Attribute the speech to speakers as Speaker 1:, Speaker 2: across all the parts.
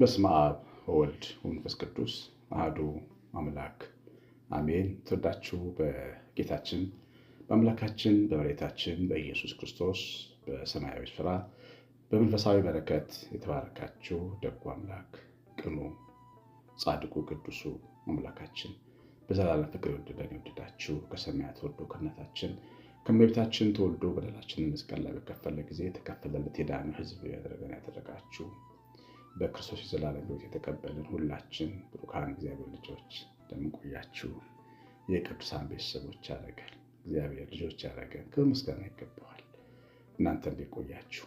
Speaker 1: በስመ አብ ወወልድ ወመንፈስ ቅዱስ አህዱ አምላክ አሜን። ትወዳችሁ በጌታችን በአምላካችን በመሬታችን በኢየሱስ ክርስቶስ በሰማያዊ ስፍራ በመንፈሳዊ በረከት የተባረካችሁ ደጉ አምላክ ቅኑ ጻድቁ ቅዱሱ አምላካችን በዘላለም ፍቅር ወደደን የወደዳችሁ ከሰማያት ወርዶ ከእናታችን ከእመቤታችን ተወልዶ በደላችንን መስቀል ላይ በከፈለ ጊዜ የተከፈለለት የዳነ ሕዝብ ያደረገን ያደረጋችሁ በክርስቶስ የዘላለም ሕይወት የተቀበልን ሁላችን ብሩካን እግዚአብሔር ልጆች እንደምን የቅዱሳን ቤተሰቦች ያደረገን እግዚአብሔር ልጆች ያደረገን ክብር ምስጋና ይገባዋል። እናንተ እንዴት ቆያችሁ?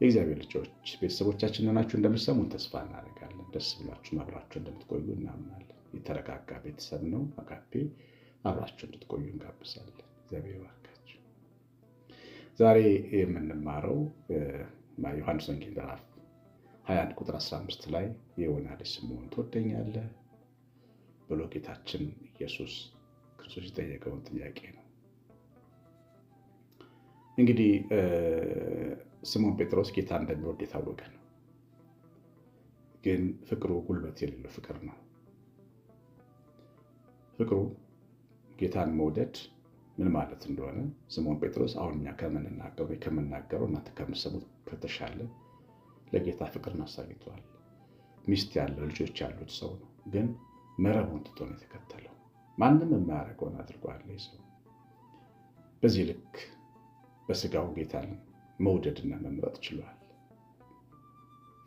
Speaker 1: የእግዚአብሔር ልጆች ቤተሰቦቻችን ናችሁ። እንደምሰሙን ተስፋ እናደርጋለን። ደስ ብላችሁ አብራችሁ እንደምትቆዩ እናምናለን። የተረጋጋ ቤተሰብ ነው አጋፔ። አብራችሁ እንድትቆዩ እንጋብዛለን። እግዚአብሔር ይባርካችሁ። ዛሬ የምንማረው ዮሐንስ ወንጌል ምዕራፍ 21 ቁጥር 15 ላይ የዮና ልጅ ስምዖን ትወደኛለህ ብሎ ጌታችን ኢየሱስ ክርስቶስ የጠየቀውን ጥያቄ ነው። እንግዲህ ስምዖን ጴጥሮስ ጌታ እንደሚወድ የታወቀ ነው። ግን ፍቅሩ ጉልበት የሌለው ፍቅር ነው። ፍቅሩ ጌታን መውደድ ምን ማለት እንደሆነ ስምዖን ጴጥሮስ አሁን እኛ ከምንናገረው እናንተ ከምሰሙት ከተሻለ ለጌታ ፍቅርን አሳይቷል። ሚስት ያለው ልጆች ያሉት ሰው ነው፣ ግን መረቡን ትቶ ነው የተከተለው። ማንም የማያደርገውን አድርጓል ሰው። በዚህ ልክ በስጋው ጌታን መውደድና መምረጥ ችሏል።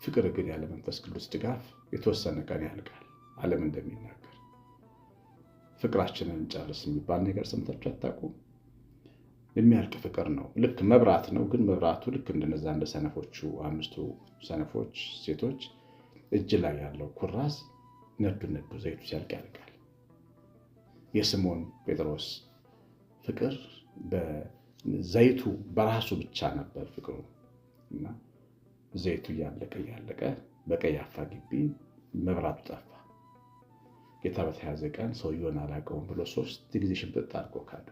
Speaker 1: ፍቅር ግን ያለ መንፈስ ቅዱስ ድጋፍ የተወሰነ ቀን ያልቃል። ዓለም እንደሚናገር ፍቅራችንን እንጨርስ የሚባል ነገር ሰምታችሁ አታውቁም? የሚያልቅ ፍቅር ነው። ልክ መብራት ነው፣ ግን መብራቱ ልክ እንደነዛ እንደ ሰነፎቹ አምስቱ ሰነፎች ሴቶች እጅ ላይ ያለው ኩራዝ ነዱ ነዱ ዘይቱ ሲያልቅ ያልቃል። የስሞን ጴጥሮስ ፍቅር ዘይቱ በራሱ ብቻ ነበር ፍቅሩ እና ዘይቱ እያለቀ እያለቀ በቀያፋ ግቢ መብራቱ ጠፋ። ጌታ በተያዘ ቀን ሰውየውን አላውቀውም ብሎ ሶስት ጊዜ ሽብጥ አድርጎ ካደ።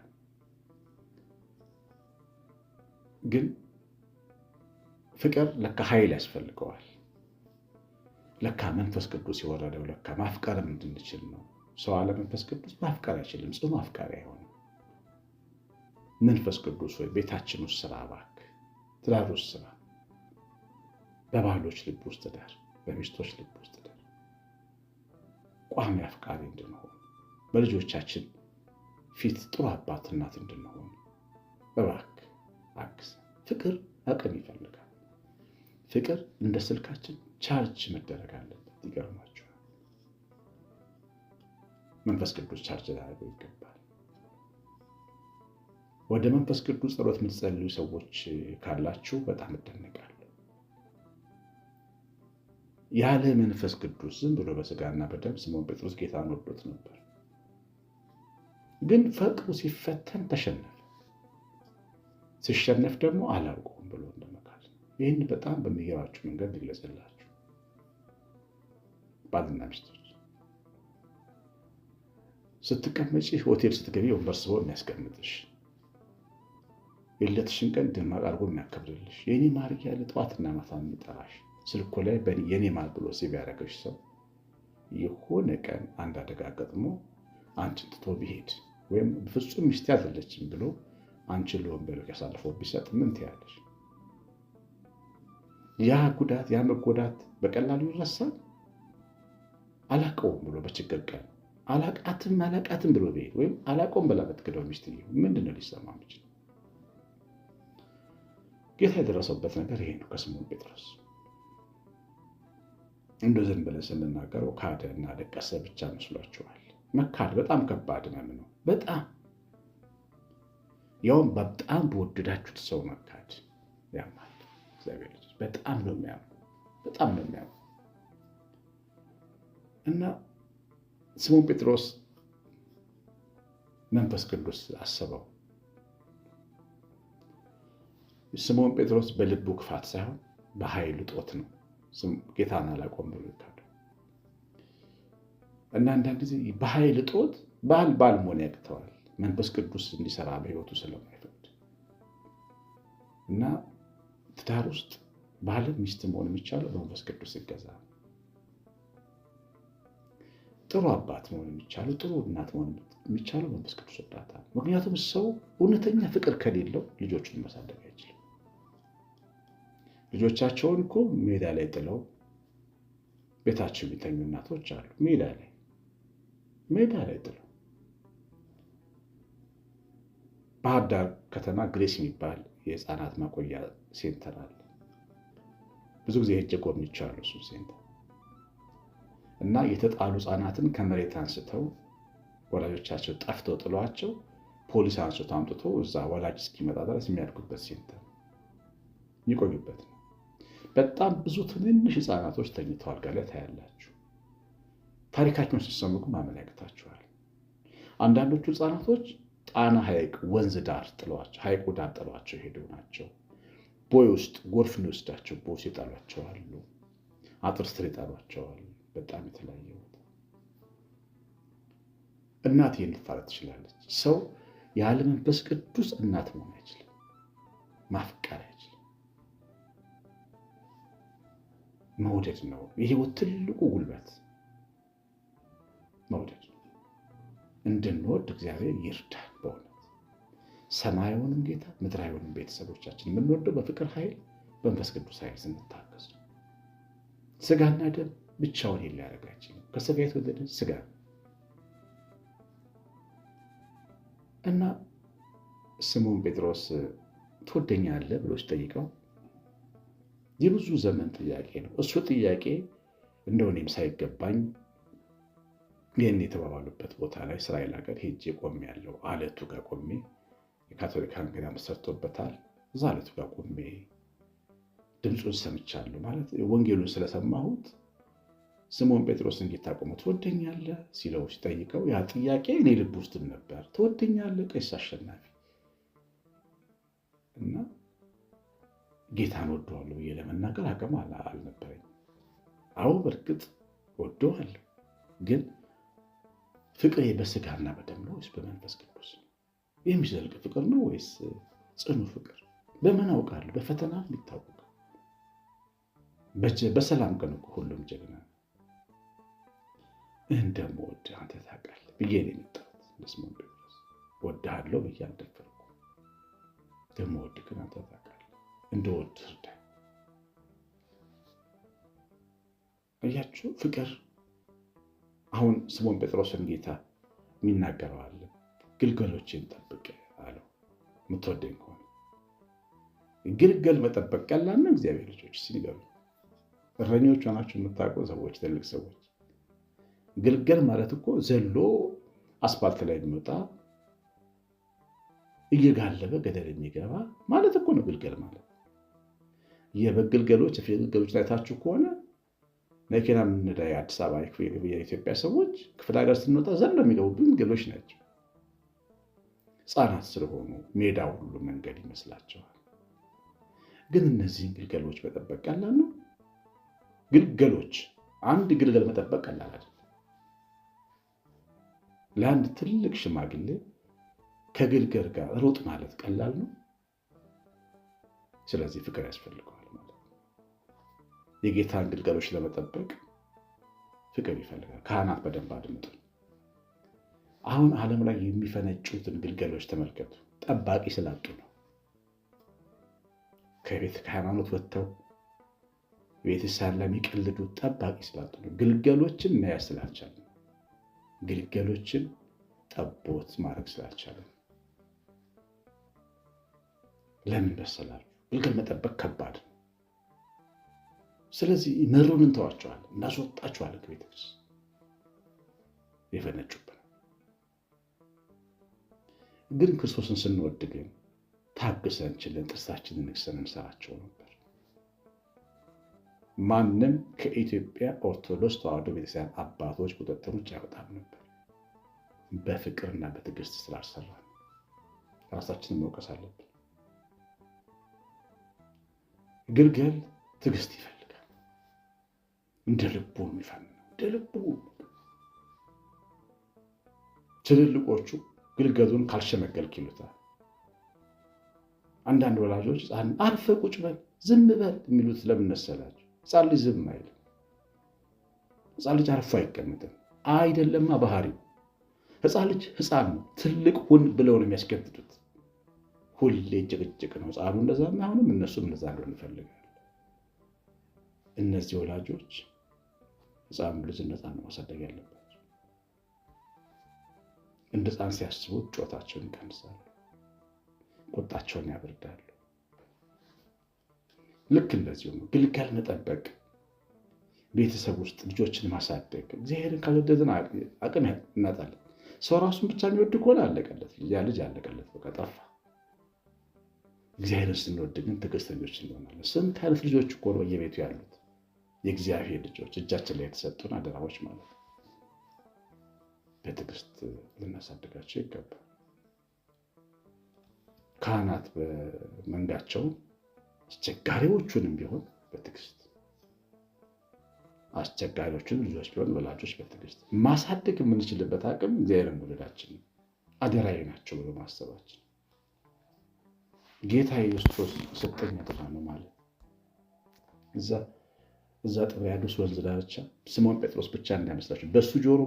Speaker 1: ግን ፍቅር ለካ ኃይል ያስፈልገዋል። ለካ መንፈስ ቅዱስ የወረደው ለካ ማፍቀርም እንድንችል ነው። ሰው አለ መንፈስ ቅዱስ ማፍቀር አይችልም። ጽኑ አፍቃሪ አይሆንም። መንፈስ ቅዱስ ወይ ቤታችን ውስጥ ስራ፣ እባክህ ትዳር ውስጥ ስራ፣ በባሎች ልብ ውስጥ ዳር፣ በሚስቶች ልብ ውስጥ ዳር፣ ቋሚ አፍቃሪ እንድንሆን፣ በልጆቻችን ፊት ጥሩ አባት እናት እንድንሆን እባክህ አግዝ። ፍቅር አቅም ይፈልጋል። ፍቅር እንደ ስልካችን ቻርጅ መደረግ አለበት። ይገርማችኋል። መንፈስ ቅዱስ ቻርጅ ላደርገው ይገባል። ወደ መንፈስ ቅዱስ ጸሎት የምትጸልዩ ሰዎች ካላችሁ በጣም እደነቃለሁ። ያለ መንፈስ ቅዱስ ዝም ብሎ በስጋና በደም ስምዖን ጴጥሮስ ጌታን ወዶት ነበር፣ ግን ፈቅሩ ሲፈተን ተሸነፈ። ስሸነፍ ደግሞ አላውቀውም ብሎ እንደመካድ ይህን በጣም በሚገባችሁ መንገድ ሊገለጽላችሁ ባልና ሚስቶች ስትቀመጪ ሆቴል ስትገቢ ወንበር ስቦ የሚያስቀምጥሽ የለትሽን ቀን ድማቅ አድርጎ የሚያከብርልሽ የኔ ማርጌ ያለ ጠዋትና ማታ የሚጠራሽ ስልኮ ላይ የኔ ማር ብሎ ሴቭ ያደረገሽ ሰው የሆነ ቀን አንድ አደጋ ገጥሞ አንቺን ትቶ ቢሄድ ወይም ፍጹም ሚስቴ አይደለችም ብሎ አንቺን ለወንበዴዎች አሳልፎ ቢሰጥ ምን ትያለሽ? ያ ጉዳት ያ መጎዳት በቀላሉ ይረሳል? አላቀውም ብሎ በችግር ቀን አላቃትም አላቃትም ብሎ ቤት ወይም አላቀውም ብላ በትክደው ሚስት ምንድነው ሊሰማ ምችል? ጌታ የደረሰበት ነገር ይሄ ነው። ከስምዖን ጴጥሮስ እንደ ዝም ብለን ስንናገረው ካደ እና ደቀሰ ብቻ መስሏቸዋል። መካድ በጣም ከባድ ነው። በጣም ያውም በጣም በወደዳችሁት ሰው መካድ ያማል። እግዚአብሔር በጣም ነው የሚያምኑ በጣም ነው የሚያምኑ እና ስሞን ጴጥሮስ መንፈስ ቅዱስ አስበው ስምዖን ጴጥሮስ በልቡ ክፋት ሳይሆን በኃይሉ ጦት ነው ጌታን አላቆም ብሎ እና አንዳንድ ጊዜ በኃይል ጦት ባል ባል መሆን ያቅተዋል። መንፈስ ቅዱስ እንዲሰራ በህይወቱ ስለማይፈቅድ እና ትዳር ውስጥ ባልም ሚስት መሆን የሚቻለው በመንፈስ ቅዱስ ይገዛ ጥሩ አባት መሆን የሚቻለው ጥሩ እናት መሆን የሚቻለው መንፈስ ቅዱስ እርዳታ። ምክንያቱም ሰው እውነተኛ ፍቅር ከሌለው ልጆቹን መሳደግ አይችልም። ልጆቻቸውን እኮ ሜዳ ላይ ጥለው ቤታቸው የሚተኙ እናቶች አሉ። ሜዳ ላይ ሜዳ ላይ ጥለው ባህር ዳር ከተማ ግሬስ የሚባል የህፃናት ማቆያ ሴንተር አለ። ብዙ ጊዜ ሄጄ ጎብኝቻለሁ እሱን ሴንተር እና የተጣሉ ህፃናትን ከመሬት አንስተው ወላጆቻቸው ጠፍተው ጥሏቸው ፖሊስ አንስቶ አምጥቶ እዛ ወላጅ እስኪመጣ ድረስ የሚያድጉበት ሴንተር የሚቆዩበት ነው። በጣም ብዙ ትንንሽ ህፃናቶች ተኝተው አልጋ ላይ ታያላችሁ። ታሪካቸውን ስትሰሙ ግን ማመን ያቅታችኋል። አንዳንዶቹ ህፃናቶች ጣና ሐይቅ ወንዝ ዳር ጥሏቸው ሐይቁ ዳር ጥሏቸው ሄዱ ናቸው። ቦይ ውስጥ ጎርፍ እንወስዳቸው ቦስ ይጠሏቸዋሉ። ይጣሏቸዋሉ። አጥር ስር ይጣሏቸዋል። በጣም የተለያየ ቦታ እናት ይህን ልትፋረት ትችላለች። ሰው ያለ መንፈስ ቅዱስ እናት መሆን አይችልም፣ ማፍቀር አይችልም። መውደድ ነው የህይወት ትልቁ ጉልበት መውደድ እንድንወድ እግዚአብሔር ይርዳል። ሰማዩንም ጌታ ምድራዊንም ቤተሰቦቻችን የምንወደው በፍቅር ኃይል በመንፈስ ቅዱስ ኃይል ስንታገዝ ስጋና ደም ብቻውን ሊያደርግ አይችልም። ከስጋ የተወለደ ስጋ እና ስሙን ጴጥሮስ ትወደኛለህ ብሎ ሲጠይቀው የብዙ ዘመን ጥያቄ ነው። እሱ ጥያቄ እንደው እኔም ሳይገባኝ ይህን የተባባሉበት ቦታ ላይ እስራኤል ሀገር ሄጄ ቆሜ ያለው አለቱ ጋር ቆሜ የካቶሊካን ገዳም ሰርቶበታል እዛ ዕለቱ ጋር ቆሜ ድምፁን ሰምቻለሁ። ማለት ወንጌሉን ስለሰማሁት ስምዖን ጴጥሮስን እንዴት ታቆመው ትወደኛለህ ሲለው ሲጠይቀው ያ ጥያቄ እኔ ልብ ውስጥም ነበር። ትወደኛለህ ቀስ አሸናፊ እና ጌታን ወደዋለሁ ብዬ ለመናገር አቅም አልነበረኝ። አዎ በእርግጥ ወደዋለሁ፣ ግን ፍቅሬ በስጋና በደም ነው ወይስ በመንፈስ ቅዱስ? የሚዘልቅ ፍቅር ነው ወይስ ጽኑ ፍቅር? በምን አውቃለሁ? በፈተና የሚታወቅ በሰላም ቀን ሁሉም ጀግና እንደምወድ አንተ ታውቃለህ ብዬ ነው የመጣሁት። ስሞ ወድሃለሁ ብዬ አልደፈርኩ። እንደምወድ ግን አንተ ታውቃለህ። እንደወድ እርዳኝ። እያችሁ ፍቅር አሁን ስሞን ጴጥሮስን ጌታ የሚናገረዋለን ግልገሎችን ጠብቅ አለው። የምትወደኝ ከሆነ ግልገል መጠበቅ ቀላል ነው። እግዚአብሔር ልጆች ሲገቡ እረኞች ሆናችሁ የምታውቁ ሰዎች፣ ትልቅ ሰዎች ግልገል ማለት እኮ ዘሎ አስፓልት ላይ የሚወጣ እየጋለበ ገደል የሚገባ ማለት እኮ ነው ግልገል ማለት። የበግ ግልገሎች፣ የፍየል ግልገሎች አይታችሁ ከሆነ መኪና የምንነዳ የአዲስ አበባ የኢትዮጵያ ሰዎች ክፍለ ሀገር ስንወጣ ዘሎ የሚገቡብን ግልገሎች ናቸው። ሕፃናት ስለሆኑ ሜዳው ሁሉ መንገድ ይመስላቸዋል። ግን እነዚህን ግልገሎች መጠበቅ ቀላል ነው። ግልገሎች አንድ ግልገል መጠበቅ ቀላል አይደለም። ለአንድ ትልቅ ሽማግሌ ከግልገል ጋር ሩጥ ማለት ቀላል ነው። ስለዚህ ፍቅር ያስፈልገዋል ማለት ነው። የጌታን ግልገሎች ለመጠበቅ ፍቅር ይፈልጋል። ካህናት በደንብ አድምጡ። አሁን ዓለም ላይ የሚፈነጩትን ግልገሎች ተመልከቱ። ጠባቂ ስላጡ ነው። ከቤት ከሃይማኖት ወጥተው ቤተሰብ ለሚቀልዱ ጠባቂ ስላጡ ነው። ግልገሎችን መያዝ ስላልቻለ ግልገሎችን ጠቦት ማድረግ ስላልቻለ ለምን በሰላሉ ግልገል መጠበቅ ከባድ ነው። ስለዚህ መሩን እንተዋቸዋለን፣ እናስወጣቸዋለን ከቤተክርስቲያን የፈነጩበት ግን ክርስቶስን ስንወድ ግን ታግሰን ችለን ጥርሳችንን ነክሰን እንሰራቸው ነበር። ማንም ከኢትዮጵያ ኦርቶዶክስ ተዋህዶ ቤተክርስቲያን አባቶች ቁጥጥር ውጭ ያወጣም ነበር። በፍቅርና በትዕግስት ስላልሰራ ራሳችንን መውቀስ አለብን። ግልገል ትዕግስት ይፈልጋል። እንደ ልቡ የሚፈን እንደ ልቡ ትልልቆቹ ግልገሉን ካልሸመገልክ ይሉታል። አንዳንድ ወላጆች ሕፃን አርፈ ቁጭ በል ዝም በል የሚሉት ለምን መሰላቸው? ሕፃን ልጅ ዝም አይልም። ህፃን ልጅ አርፎ አይቀምጥም። አይደለማ ባህሪው። ህፃን ልጅ ህፃን ነው። ትልቅ ሁን ብለው ነው የሚያስገድዱት። ሁሌ ጭቅጭቅ ነው። ህፃኑ እንደዛ አሁንም እነሱም እንደዛ እንደሆነ ይፈልጋል። እነዚህ ወላጆች ህፃኑ ልጅ ነፃ ነው ማሳደግ ያለበት። እንደ ሲያስቡ ጩኸታቸውን ይቀንሳሉ፣ ቁጣቸውን ያበርዳሉ። ልክ እንደዚሁ ነው ግልጋል መጠበቅ፣ ቤተሰብ ውስጥ ልጆችን ማሳደግ። እግዚአብሔርን ካልወደድን አቅም እናጣለን። ሰው ራሱን ብቻ የሚወድ ከሆነ አለቀለት፣ ያ ልጅ አለቀለት፣ በቃ ጠፋ። እግዚአብሔርን ስንወድ ግን ትዕግስተኞች እንሆናለን። ስንት አይነት ልጆች እኮ ነው በየቤቱ ያሉት የእግዚአብሔር ልጆች እጃችን ላይ የተሰጡን አደራዎች ማለት ነው። በትዕግስት ልናሳድጋቸው ይገባል። ካህናት በመንጋቸው አስቸጋሪዎቹንም ቢሆን በትዕግስት አስቸጋሪዎቹን ልጆች ቢሆን ወላጆች በትዕግስት ማሳደግ የምንችልበት አቅም እግዚአብሔርን መውደዳችን አደራዊ ናቸው ብሎ ማሰባችን ጌታ ኢየሱስ ስጠኝ አደራ ነው ማለት እዛ ጥብርያዶስ ወንዝ ዳርቻ ስምዖን ጴጥሮስ ብቻ እንዳይመስላቸው በእሱ ጆሮ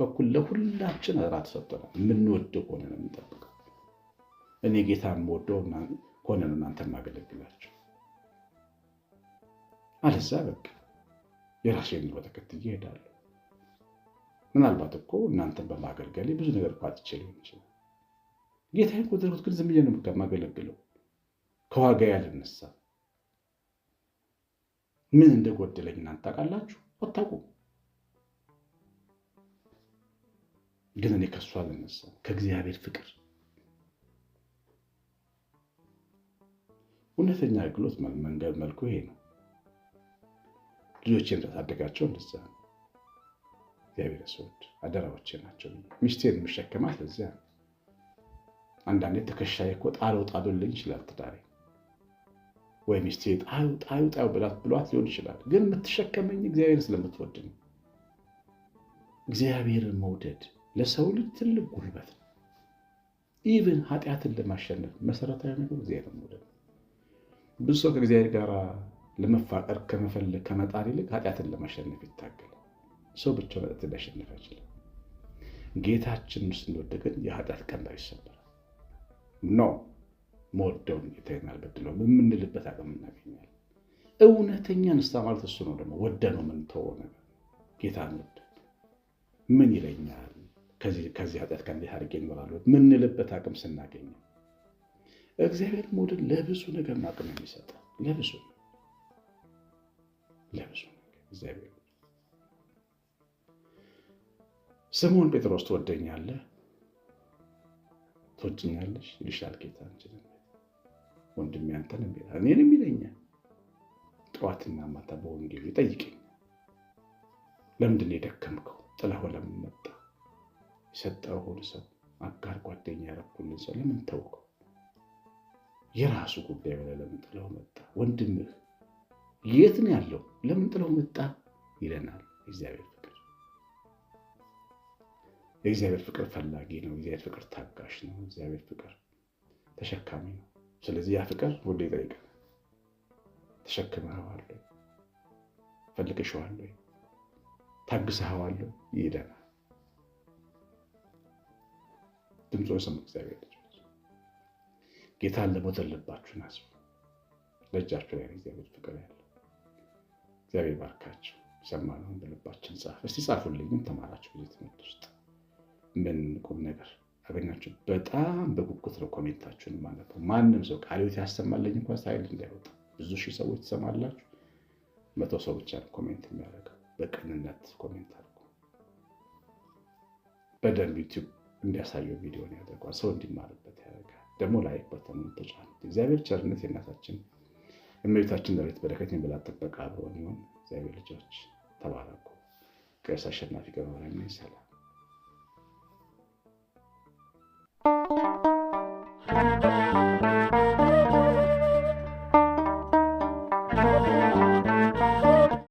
Speaker 1: በኩል ለሁላችን እራት ሰጥተናል። የምንወደው ከሆነ ነው የምንጠብቀው። እኔ ጌታ የምወደው ከሆነ ነው እናንተ የማገለግላቸው። አለዛ በቃ የራሴን ኑሮ ተከትዬ እሄዳለሁ። ምናልባት እኮ እናንተን በማገልገል ብዙ ነገር ቋጥቼ ሊሆን ይችላል። ጌታ ቁጥርት ግን ዝም ብዬ ነው የማገለግለው። ከዋጋ ያልነሳ ምን እንደጎደለኝ እናንተ ታውቃላችሁ፣ አታውቁም። ግን እኔ ከሱ አልነሳም፣ ከእግዚአብሔር ፍቅር። እውነተኛ አገልግሎት መንገድ መልኩ ይሄ ነው። ልጆቼን ታሳደጋቸው እንደዛ ነው። እግዚአብሔር ሰዎች አደራዎቼ ናቸው። ሚስቴን የምሸከማት እዚያ ነው። አንዳንዴ ትከሻዬ እኮ ጣለው ጣሉልኝ ይችላል ትዳሬ ወይ ሚስቴ ጣዩ ጣዩ ጣዩ ብላት ብሏት ሊሆን ይችላል። ግን የምትሸከመኝ እግዚአብሔር ስለምትወድ ነው። እግዚአብሔርን መውደድ ለሰው ልጅ ትልቅ ጉልበት ነው። ኢቭን ኃጢአትን ለማሸነፍ መሰረታዊ ነገር እግዚአብሔር መውደድ። ብዙ ሰው ከእግዚአብሔር ጋር ለመፋቀር ከመፈለግ ከመጣር ይልቅ ኃጢአትን ለማሸነፍ ይታገላል። ሰው ብቻውን ኃጢአትን ሊያሸንፍ አይችልም። ጌታችን ስንወድ ግን የኃጢአት ቀንበር ይሰበራል። ኖ መወደውን ጌታዬን አልበድለውም የምንልበት አቅም እናገኛለን። እውነተኛ ንስሐ ማለት እሱ ነው። ደግሞ ወደ ነው ምን ተወው ነገር ጌታን ወደ ምን ይለኛል ከዚህ ኃጢአት ጋር እንዴት አድርጌ እኖራለሁ ምንልበት አቅም ስናገኝ እግዚአብሔር መውደድ ለብዙ ነገር አቅም የሚሰጠ ለብዙ ለብዙ እግዚአብሔር ስምዖን ጴጥሮስ ትወደኛለህ ትወጅኛለሽ ይልሻል ጌታ አንችልም ወንድሜ አንተን ይላል እኔንም ይለኛል ጠዋትና ማታ በወንጌሉ ይጠይቀኛል ለምንድን የደከምከው ጥላህ ለምን መጣ ሁሉ ሰው አጋር ጓደኛ ያረኩልን ሰው ለምን ተውከው? የራሱ ጉዳይ ብለህ ለምን ጥለው መጣ? ወንድምህ የት ነው ያለው? ለምን ጥለው መጣ ይለናል እግዚአብሔር ፍቅር። የእግዚአብሔር ፍቅር ፈላጊ ነው። እግዚአብሔር ፍቅር ታጋሽ ነው። እግዚአብሔር ፍቅር ተሸካሚ ነው። ስለዚህ ያ ፍቅር ወደ ይጠይቃል። ተሸክመኸዋል ወይ? ፈልገሽዋል ወይ? ታግሰኸዋል ወይ? ድምፁን የሰሙ እግዚአብሔር ልጆች ጌታን ለሞተልባችሁን አስቡ። በእጃችሁ ላይ እግዚአብሔር ፍቅር ያለ እግዚአብሔር ባርካችሁ። ሰማነውን በልባችን ጻፍ። እስቲ ጻፉልኝ፣ ምን ተማራችሁ ብዙ ትምህርት ውስጥ? ምን ቁም ነገር አገኛችሁ? በጣም በጉጉት ነው ኮሜንታችሁን ማለት ማንም ሰው ቃል ያሰማለኝ እንኳን ሳይል እንዳይወጣ። ብዙ ሺህ ሰዎች ትሰማላችሁ፣ መቶ ሰው ብቻ ነው ኮሜንት የሚያደርገው። በቅንነት ኮሜንት አድርጉ። በደንብ ዩቲዩብ እንዲያሳየው ቪዲዮን ያደርጓል። ሰው እንዲማርበት ያደርጋል። ደግሞ ላይክ በተኑ ተጫኑ። እግዚአብሔር ቸርነት የእናታችን የእመቤታችን ረድኤት በረከት የበላት ጥበቃ አብሮን ይሁን። እግዚአብሔር ልጆች ተባረኩ። ቀሲስ አሸናፊ ገብረ ሰላም